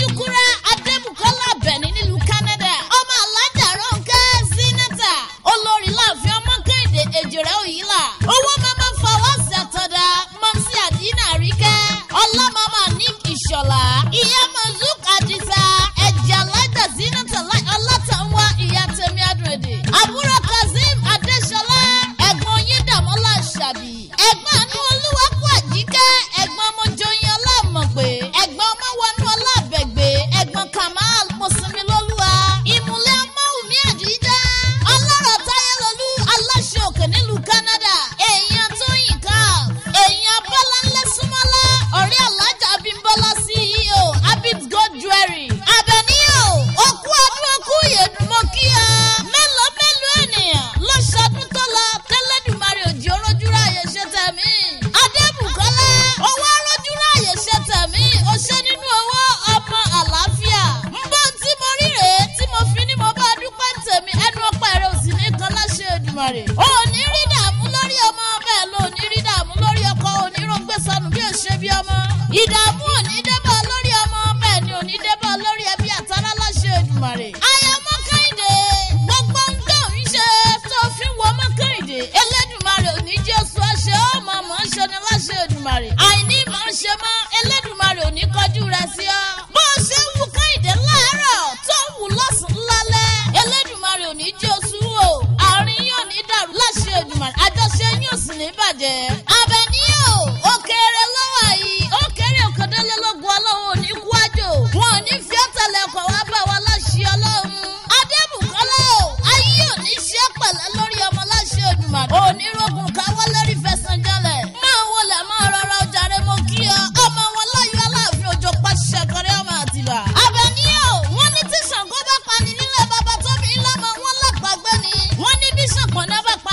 Shukura Ademukola Abẹni nílùú Canada ọmọ alájà Ronke Zinata olórí láàfin ọmọ Kẹ́hìndé Èjìrẹ́ Òyìnlá owó mama Fawaz Àtàndá Mọ́sí Àdínà Àríkẹ́ ọlámàmá ní Ìṣọ̀lá ìyá Mazuk Àdìsá ẹ̀jẹ̀ alájà Zinata Ọlátànwá ìyá Tẹ̀mí Adùnẹ̀dẹ̀ àbúrò òní rí dààmú lórí ọmọ bẹ́ẹ̀ ló ní rí dààmú lórí ọkọ oníròǹgbé sọnù bí ó ṣe bí ọmọ ìdààmú òní ọ̀nà bá pa.